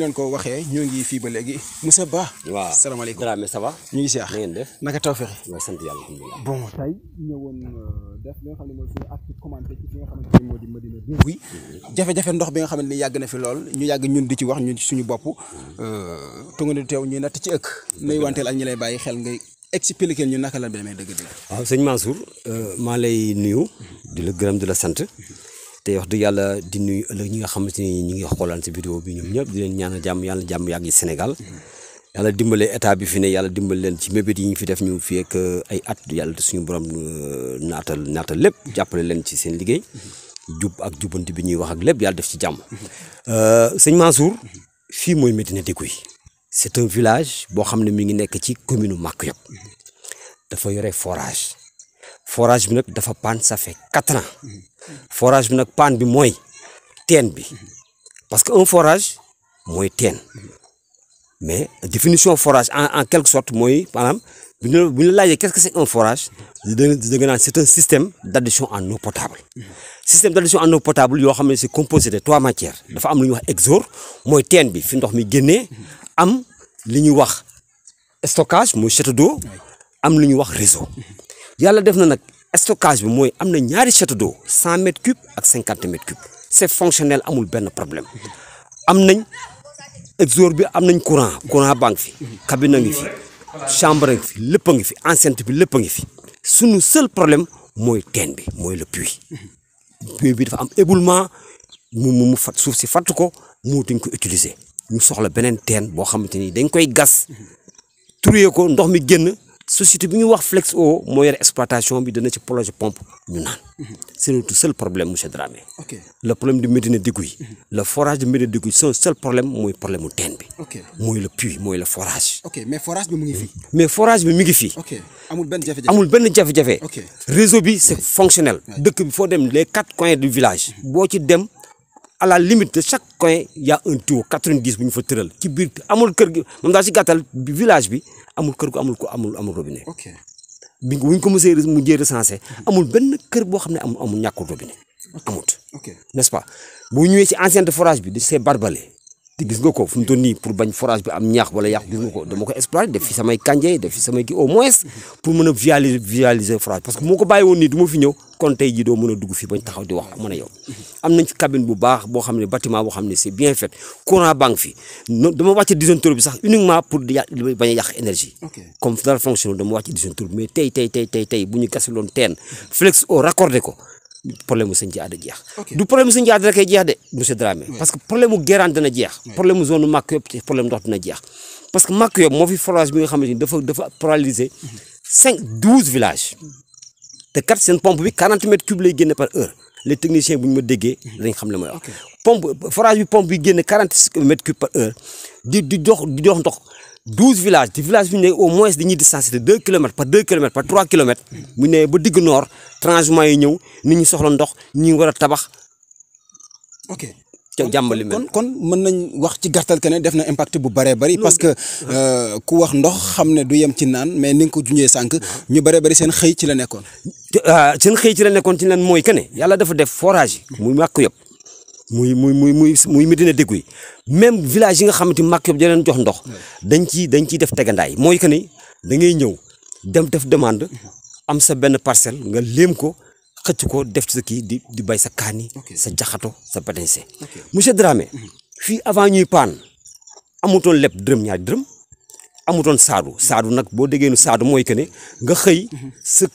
ñu leen waxee ñoo ngi fii ba léegi Moussa Ba. waaw salaamaaleykum Dramé ça va. ñu ngi si àq ngeen def naka taw fexe. waaw sant yàlla alhamdulilah. bon tey euh, def li nga xam ne mooy suñu acte moo di Medina bi jafe ndox bi nga xamante ni yàgg na fi lool ñu yàgg ñun di ci wax ñun ci suñu bopp. Mm-hmm. Euh, tungu ni teew ñuy natt ci ëkk. nuy wanteel ak ñu lay bàyyi xel ngay expliquer ñu naka la demee dëgg-dëgg. waaw sëñ Mansour euh, maa lay nuyu. di la gërëm di la sant. te wax dëgg yàlla di nuyu ëllëg ñi nga xamante ni ñu ngi xoolaan si vidéo bi ñu ñëpp di leen jàmm yàlla jàmm yàgg yi Sénégal mm-hmm. yàlla dimbale état bi fi ne yàlla dimbale leen ci mébét yi ñu fi def ñu fi ak ay at yàlla te suñu borom euh, naatal naatal lépp jàppale leen ci seen liggéey mm-hmm. jub ak jubanti bi ñuy wax ak lépp yàlla def ci jàmm. Mm-hmm. Euh, sëñ Mansour fii mooy Médina Gouye c'est un village boo xam ne mi ngi nekk ci commune Maka Yop dafa yore forage. forage bi nag dafa paan ça fait quatre ans forage bi nag paan bi mooy teen bi parce que un forage mooy teen mais définition forage en en quelque sorte mooy maanaam bu ñu bu ñu laajee quest forage da nga naan c'est système d'adduction en eau potable système d'adduction en eau potable yoo xam ne c'est composé de trois matières dafa am lu wax exore mooy teen bi fi ndox mi génnee am li ñuy wax stockage mooy château do am lu ñuy wax réseau yàlla def na nag stockage bi mooy am na ñaari château do cent mètres cubes ak cinquante mètres cubes c'est fonctionnel amul benn problème am nañ exor bi am nañ courant courant baa ngi fi cabine a ngi fi chambre ngi fi lépp a ngi fi enceinte bi lépp a ngi fi sunu seul problème mooy teen bi mooy le puits puits bi dafa am éboulement mu mu fat suuf si fatt ko moo dañ ko utiliser ñu soxla beneen teen boo xamante ni dañ koy gas turee ko ndox mi génn société bi ñu wax Flexo mooy yore exploitation bi dana ci projet pompe ñu naan mhm. c'est notre seul problème monsieur Dramé le problème de Médina Gouye mhm. le forage de Médina Gouye son seul problème mooy problème mu teen bi mooy le puits mooy le forage mais forage bi mu ngi fi. mais forage bi mu ngi fii amul benn jafe-jafe amul benn jafe-jafe réseau bi c'est fonctionnel dëkk bi foo dem les quatre coins du village mhm. boo ci dem à la limite de chaque coin y a un tuyau 90 bu ñu fa tëral ci biir amul kër gi moom daal si gàttal village bi amul kër gu amul ko amul amul robinet. ok bi wuñ ko mosee mu jee recensé amul benn kër boo xam ne amul amul ñàkkul robinet. amut. ok n'est-ce pas bu ñëwee ci de forage bi di see barbalé. te gis nga ko fu mu pour bañ forage bi am ñaax wala yàqu gis nga ko dama ko exploiter def fi samay kànje def fi samay moins pour mën a forage parce que moo ko bàyyi woon ma fi ñëw kon tey jii doo mën a dugg di wax mën a am nañ fi cabine baax boo xam ne bâtiment boo xam ne c'est bien fait courant banque fi dama wàcce disjoncteur bi sax uniquement pour di bañ a yàq énergie comme dara fonctionne dama wàcce disjoncteur bi mais tey tey problème mu sëñ Diada jeex. du problème mu sëñ Diada rek jeex de monsieur Dramé. parce que problème mu Guérane dana jeex. problème mu zone nu Màkk yëpp ci problème ndox dina jeex. parce que Màkk yëpp moo fi forage bi nga xamante ni dafa dafa paralysé cinq douze villages. te kat seen pompe bi 40 mètres cubes lay génne par heure les techniciens bu ñu ma déggee mhm. dañ xam la ma wax. pompe forage bi pompe bi génne 40 mètres cubes par heure di di dox di dox ndox. douze village di village bu ñu ne au moins dañuy distance de deux kilomètres par deux kilomètres par trois kilomètres bu ñu nee ba digg noor transhumance yi ñëw nit ñi soxla ndox ñi war a tabax. ok jàmbali mel kon kon mën nañ wax ci gàttal que def na impact bu bëree bari parce que euh, ku wax ndox xam ne du yem ci naan mais ni nga ko junjee sànq. ñu bëree bëri seen xëy ci la nekkoon. Euh, seen xëy ci la nekkoon ci lan mooy que ne yàlla dafa def forage mu muy màkk yëpp. muy muy muy muy muy Médina Déggu yi même village yi nga xamante ni màkk yooyu dañ leen jox ndox dañ ciy dañ ciy def tegandaay mooy que ni da ngay ñëw dem def demande am sa benn parcelle nga léem ko xëcc ko def ci sa kii di di bay sa kaani sa jaxato sa pétinse monsieur Dramé mhm. fii avant ñuy paan amutoon lépp dërëm ñaari dërëm amutoon saadu saadu nag boo déggee nu saadu mooy que ne nga xëy sa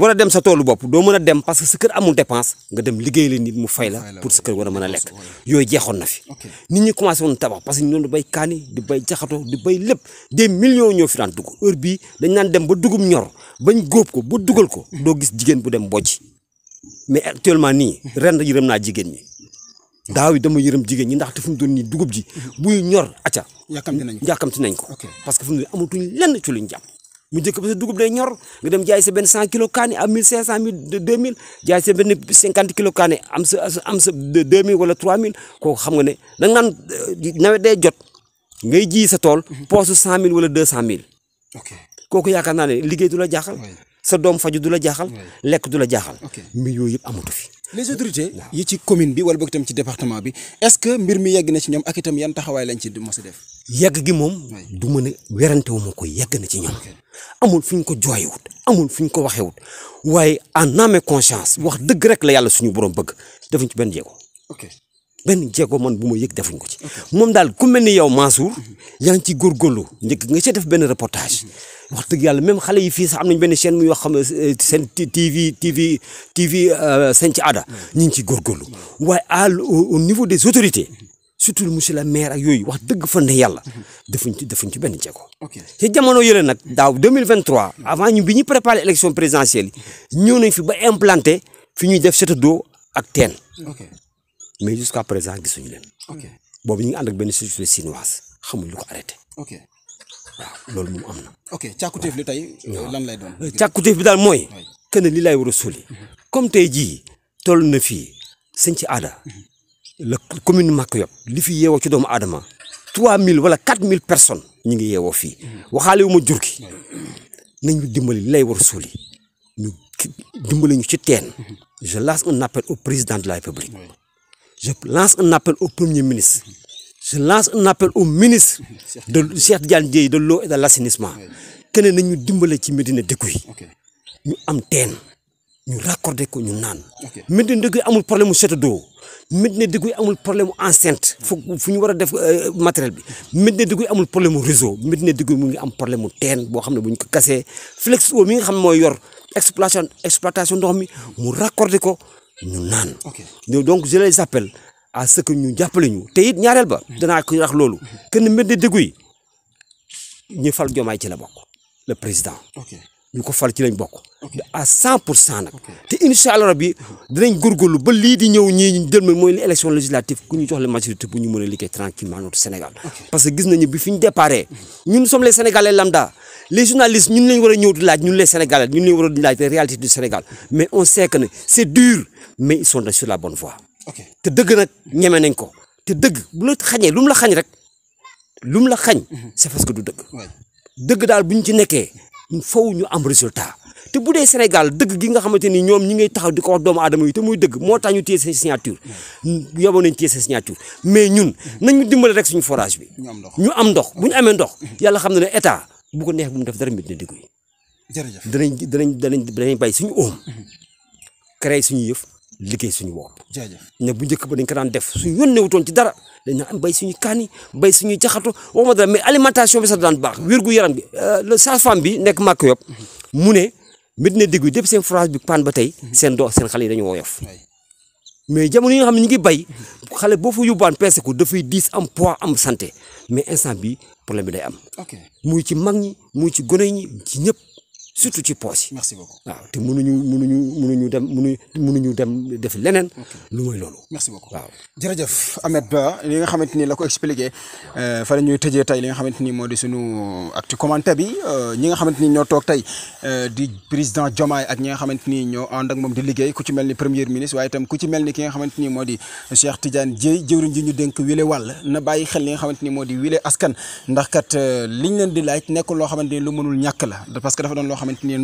war a dem sa toolu bopp doo mën a dem parce que sa kër amul dépense nga dem liggéey la nit mu fay la pour sa kër war a mën a lekk yooyu jeexoon na fi nit ñi commencé woon tabax parce que ñu doon di bay kaani di bay jaxato di bay lépp des millions ñoo fi daan dugg heure bii dañ naan dem ba dugub ñor bañ góob ko ba dugal ko doo gis jigéen bu dem bojj mais actuellement nii ren yërëm naa jigéen ñi daaw yi dama yërëm jigéen ñi ndaxte fu mu doon nii dugub ji buy ñor acca yàkkamti nañ ko nañ ko parce que fu mu ne amatuñ lenn ci luñ jàpp mu njëkk ba sa dugub day ñor nga dem jaay sa benn cent kilo kaani am mille cinq cent mil deux mille jaay sa benn cinquante kilo am sa am sa deux mille wala trois mille kooku xam nga ne da nga euh, nawet day jot ngay ji sa tool mhm. poosu cent mille wala deux cent mille kooku yaakaar naa ne liggéey du la jaaxal sa doom faju du la jaaxal lekk du la jaaxal mais yooyu yëpp amatu fi les autorités yi ci commune bi wala boog itam ci département bi est-ce que mbir mi yegg na ci ñoom ak itam yan taxawaay lañ ci mos a def. yegg gi moom. du ma ne werante wu ma ko yegg na ci ñoom. amul fu ñu ko jooyewut amul fu ñu ko waxee waxewut waaye en âme et conscience wax dëgg rek la yàlla suñu borom bëgg defuñ ci benn jéego. benn jéego man bu ma yëg defuñ ko ci. moom daal ku mel ni yow Mansour. yaa ngi ci góorgóorlu njëkk nga ci def benn reportage. wax dëgg yàlla même xale yi fii sax am nañ benn chaîne muy xam ne seen TV TV TV euh, seen ci aada. ñu ngi ci góorgóorlu. waaye à au niveau des autorités. surtout monsieur le maire ak yooyu wax dëgg fa ne yàlla. defuñ ci defuñ ci benn jéego. ok ci jamono yële nag daaw 2023. avant ñu bi ñu préparé élection présidentielle yi. ñëw nañ fi ba implanté fi ñuy def set doo ak teen. mais jusqu'à présent gisuñu leen. ok hmm. boobu ñu ngi ànd ak benn société chinoise xamuñ lu ko arrêté. ok waaw loolu moom am na. ok càkkutéef li lan lay doon. Euh, càkkutéef bi daal mooy. kenn li lay war a suuli. Mhm. comme tey jii toll na fii sëñ ci aada. Mhm. la commune Maka Yop li fi yeewoo ci doomu aadama. trois mille wala quatre mille personnes ñu ngi yeewoo fii mhm. waxaale wu ma jur gi nañu dimbali li lay war a suuli ñu dimbali ñu ci teen je lance un appel au président de la république je lance un appel au premier ministre je lance un appel au ministre de Cheikh Tidiane Dièye de l'eau et de l'assainissement keneen nañu dimbale ci Médina Déckou yi ñu am teen ñu raccordé ko ñu naan Médina Déckou yi amul problème mu set d'eau Médina Déckou yi amul problème mu enceinte fu fu ñu war a def euh, matériel bi Médina Déckou yi amul problème mu réseau Médina Déckou yi mu ngi am problème mu teen boo xam ne bu ñu ko kasee Flexo mi nga xam ne mooy yor exploitation exploitation ndox mi mu raccordé ko ñu naan. donc je les appelle à ce que ñu jàppale ñu te it ñaareel ba. Mm-hmm. danaa ko wax loolu. Mm-hmm. kenn mbir de déggu yi ñu fal Diomaye ci la bokk le président. ñu ko fal ci lañ bokk. pour cent nag. te incha allah rabi dinañ góorgóorlu ba lii di ñëw ñii ñu jël mooy les élections législatives ku ñu jox la majorité bu ñu mën a liggéey tranquillement notre Sénégal. parce que gis nañu bi fi ñu déparé. ñun sommes les Sénégalais lambda les journalistes ñun lañ war a ñëw di laaj ñun les Sénégalais ñun lañ war a di laaj les réalités du Sénégal mais on sait que ne c' est dur mais sur la bonne voie. te dëgg nag ñeme nañ ko. te dëgg bu la xañee lu mu la xañ rek lu mu la xañ. Mhm. c' est parce que dëgg. daal bu ñu ci nekkee faw ñu am résultat te bu dee Sénégal dëgg gi nga xamante ni ñoom ñi ngay taxaw di ko wax doomu aadama yi te muy dëgg moo tax ñu téye seen signature yoboo nañ téye seen signature mais ñun ñu dimbale rek suñu forage bi ñu am dox bu ñu amee ndox yàlla xam na ne état bu ko neex bu mu def dara mbir na diggu yi danañ danañ danañ danañ bay suñu oom créé suñu yëf liggéey suñu wopp ne bu njëkk ba dañ ko daan def suñu yónnee wutoon ci dara dañu am béy suñu kaani béy suñuy jaxatu waxuma dara mais alimentation bi sax daan baax wérgu yaram bi euh, le sage-femme bi nekk màkk yop mu ne Médina Gouye depuis seen forage bi paan ba tey seen dox seen xale yi dañu woyof mais jamono yi nga xam ne ñu ngi béy xale boo fa yóbbaan peese ko dafay diis am poids am santé mais instant bi problème bi day am muy ci mag ñi muy ci gone ñi ci ñëpp surtout ci poos yi. merci beaucoup waaw te mënuñu mënuñu mënuñu dem mënuñu dem def leneen. lu mooy loolu. merci beaucoup waaw. jërëjëf Ahmed Ba li nga xamante ni la ko expliqué euh, fa la ñuy tëjee tey li nga xamante ni moo di sunu actu commentaire bi euh, ñi nga xamante ni ñoo toog tey euh, di président Diomaye ak ñi nga xamante ni ñoo ànd ak moom di liggéey ku ci mel ni premier ministre waaye itam ku ci mel ni ki nga xamante ni moo di Cheikh Tidiane Dièye jëwriñ ji ñu dénk wile wàll na bàyyi xel li nga xamante ni moo di wile askan ndax kat liñ laaj nekkul loo xamante ni lu mënul ñàkk la parce que dafa doon xamante ni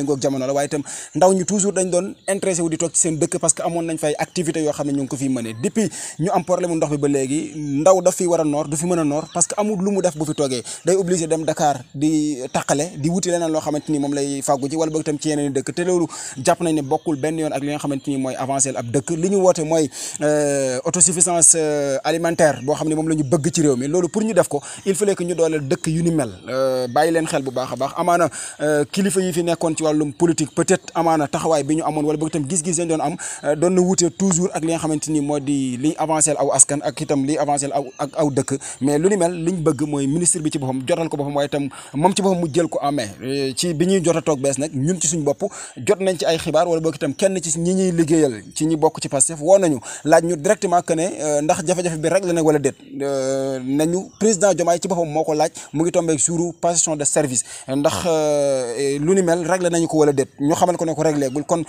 ndox la ndaw ñu toujours dañ doon intéressé wu di toog ci seen dëkk parce que amoon nañ fay activité yoo xam ne ñu ngi ko fi mëne depuis ñu am problème ndox bi ba léegi ndaw daf fi war a noor du fi mën a noor parce que amul lu mu def bu fi toogee day obligé dem Dakar di taqale di wuti leneen loo xamante ni moom lay fàggu ci wala boog tam ci yeneen dëkk te loolu jàpp nañ ne bokkul benn yoon ak li nga xamante ni mooy avancé ab dëkk li woote mooy euh, autosuffisance euh, alimentaire boo xam ne moom la ñu bëgg ci réew mi loolu pour ñu def ko il fallait que ñu dooleel dëkk yu ni mel euh, bàyyi leen xel bu baax a baax amaana kilifa yi fi nekkoon ci wàllum politique peut-être amaana taxawaay bi ñu amoon wala boog tam gis-gis leen am doon na wutee ni moo di liy avancé aw ak itam liy avancé aw ak aw dëkk mais lu ni mel liñ bëgg mooy ministre bi ci boppam jotal ko boppam waaye itam moom ci boppam mu jël ko en euh, ci bi ñuy jot a toog bees nag ñun ci suñ bopp jot nañ ci ci ñi ñuy liggéeyal ci ñi bokk ci Pastef woo nañu laaj ñu directement que ne euh, ndax jafe-jafe bi rek la euh, ci boppam moo ko laaj mu ngi tombé jouru passation de service ndax lu ni mel réglé nañu ko wala déet ñu xamal ko ne ko réglé gul kon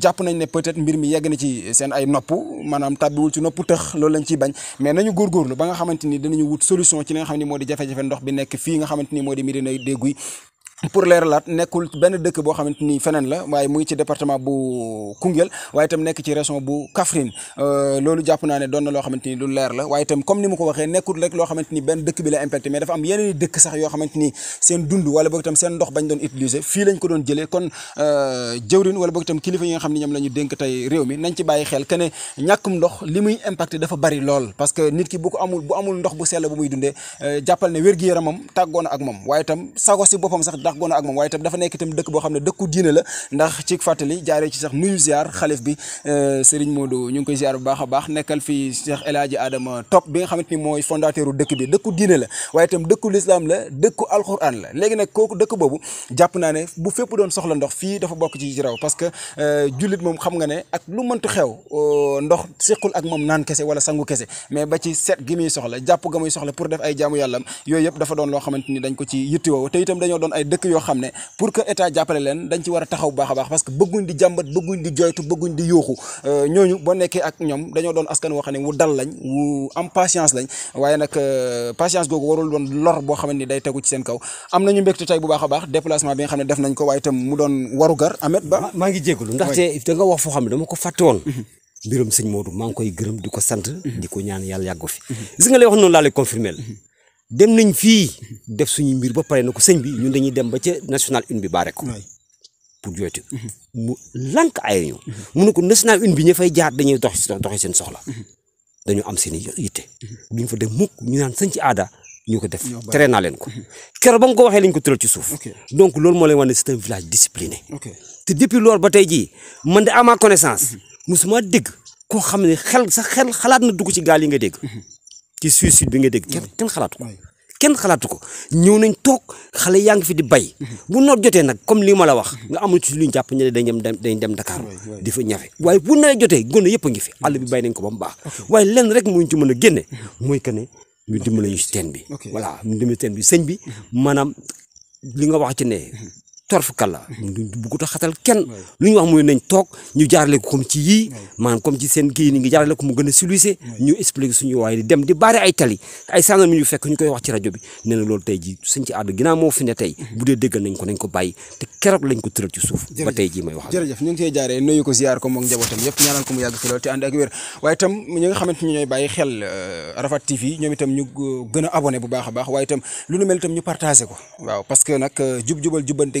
jàpp nañ ne peut-être mbir mi yegg na ci seen ay nopp maanaam tàbbiwul ci nopp tëx loolu lañ ciy bañ mais nañu góorgóorlu ba nga xamante ni danañu wut solution ci li nga xam ne moo di jafe-jafe ndox bi nekk fii nga xamante ni moo di Médina Gouye pour leeralaat nekkul benn dëkk boo xamante ni feneen la waaye mu ngi ci département bu Koungheul waaye tam nekk ci région bu Kaffrine euh, loolu jàpp naa ne doon loo xamante ni lu leer la waaye comme ni mu ko waxee nekkul rek loo xamante ni benn dëkk bi la impacté mais dafa am yeneen i dëkk yoo xamante ni seen dund wala boog itam seen ndox bañ doon utiliser fii lañ ko doon jëlee kon euh, jëwrin wala boog itam kilifa yi nga xam ne ñoom la ñu tey réew mi nañ ci bàyyi xel que ne ñàkkum ndox li muy impacté lool parce que nit ki bu ko amul bu amul bu sell bu muy dundee euh, jàppal ne wér-gi-yaramam tàggoon ak moom waaye tam sago si boppam sax ndax gono ak moom waaye itam dafa nekk itam dëkk boo xam ne dëkku diine la ndax ci fàttali jaaree ci sax nuyu ziar xalif bi euh, Serigne Modou ñu ngi koy ziar bu baax a baax nekkal fii Cheikh El Hadji Adama Top bi nga dëkk la la dëkku alxuraan boobu dafa euh, euh, ba ci set gi muy soxla jàpp ga muy soxla pour def ay jaamu yàllam yooyu doon loo xamante dañ ko ci yittewoo te itam dañoo doon ay dëkk yoo xam ne pour que état jàppale leen dañ ci war a taxaw baax a baax parce que bëgguñ di jàmbat bëgguñ di joytu bëgguñ di yooxu euh, ñooñu boo nekkee ak ñoom dañoo doon askan woo xam ne wu dal lañ wu am patience lañ waaye nag euh, patience googu warul doon lor boo xam ne day tegu ci seen kaw am nañu mbégte tey bu baax a baax déplacement bi xam ne def nañ ko waaye itam mu doon warugar Ahmed Ba maa ngi jégalu ndaxte da nga wax foo xam ne dama ko fàtte woon mhm. dem nañ fii def suñu mbir ba pare na ko sëñ bi ñun dañuy dem ba ca national une bi baare ko pour jooytu mhm. mu lànk ay ñu mhm. mu ne ko national une bi ñu fay jaar dañuy dox seen soxla mhm. dañu am seen i yitte duñ fa dem mukk ñu naan sëñ ci aada ñu ko def tere naa leen ko keroog ba nga ko waxee lañ ko tëral ci suuf donc loolu moo lay wax ne c'est un village discipliné te depuis loolu ba tey jii man de à ma connaissance musuma dégg koo xam ne xel sa xel xalaat na dugg ci gaal yi nga dégg ci suicide bi nga dégg kenn kenn xalaatu ko kenn xalaatu ko ñëw nañ toog xale yaa ngi fi di bay mhm. bu noot jotee nag comme lii ma la wax mhm. nga amul ci luñ jàpp ñe dañ dem dañ dem Dakar di fa ñafe waaye bu nawet jotee gone yëpp a ngi fi mhm. àll bi bay nañ ko rek muñ ci mën a génne mooy que ne ñu dimbale ñu si bi voilà ñu dimbale teen bi sëñ bi maanaam li nga wax ci torfkalla mm. buggut a xatal kenn lu ñu wax mooy nañ toog ñu jaarale ko comme ci yii mu gën a ñu expliqué suñu waaye di dem di bari ay tali ay sàngal mi ñu fekk ñu koy wax ci rajo bi loolu tey ji suñ ci àdd moo fi ne tey mm-hmm. bu dee déggal nañ ko nañ ko bàyyi te keroog lañ ko tëral ci suuf ba tey ji may wax ñu nga xamante ñu ñooy bàyyi xel Arafat euh, TV ñoom itam ñu gën a bu baax baax waaye itam lu nu mel itam ñu partagé ko parce que nag euh, jub jubal jubbante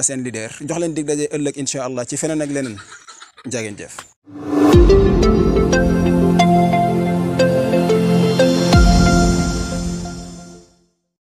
la seen leader jox leen dig daje ëllëg incha allah ci feneen ak leneen jaa ngeen jëf